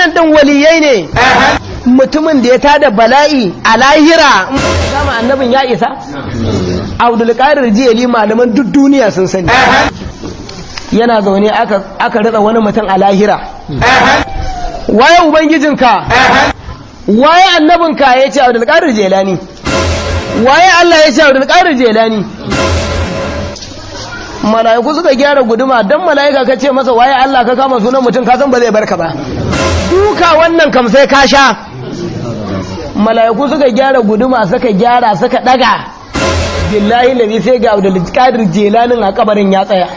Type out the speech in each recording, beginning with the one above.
wannan waliyai ne mutumin da ya tada bala'i a lahira sama annabin ya isa abdulkadir jiyali malaman duk duniya sun sani yana zaune aka rada wani mutum a lahira waye ubangijinka waye annabinka ya ce abdulkadir jelani waye allah ya ce abdulkadir jelani mala'iku suka gyara guduma don mala'ika ka ce masa waye Allah ka kama sunan mutum ka san ba zai ka ba duka wannan kam sai ka sha mala'iku suka gyara guduma suka gyara suka daga billahi sai ga Abdul Qadir Jelanin a kabarin ya tsaya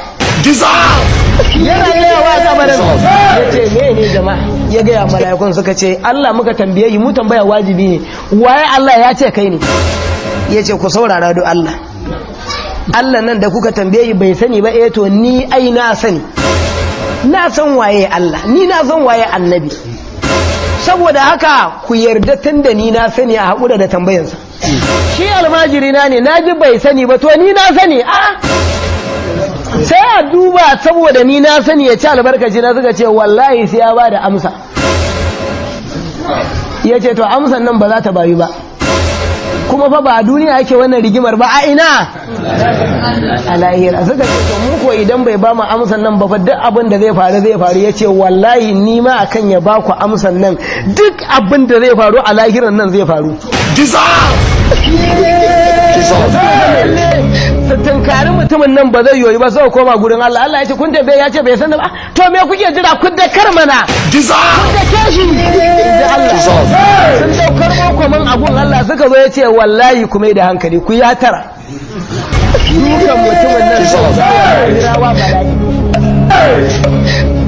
yana gaya wa kabarin ya ce me ne jama'a ya gaya mala'ikun suka ce Allah muka tambaye mu tambaya wajibi ne waye Allah ya ce kai ne ya ce ku saurara do Allah Allah nan da kuka tambaye bai sani ba eh to ni ai na sani na san waye Allah ni na san waye annabi saboda haka ku yarda tun da ni na sani a haƙura da tambayansa shi almajiri na ne na ji bai sani ba to ni na sani a sai a duba saboda ni na sani ya ci albarkaci na suka ce wallahi sai ya ba da amsa ya ce to amsan nan ba za ta bayu ba kuma fa ba a duniya ake wannan rigimar ba a ina a lahira suka ce to mu ko idan bai ba mu amsan nan ba duk abin da zai faru zai faru ya ce wallahi ni ma akan ya ba ku amsan nan duk abin da zai faru a lahiran nan zai faru tunkari mutumin nan ba zai yoyi ba sai koma gurin Allah Allah ya ce kun da bai ya ce bai san ba to me kuke jira kun da kar mana kun da keshi da Allah hurumin abun Allah suka zo ya ce wallahi kuma da hankali ku ya tara dukan mutumin nan sau ba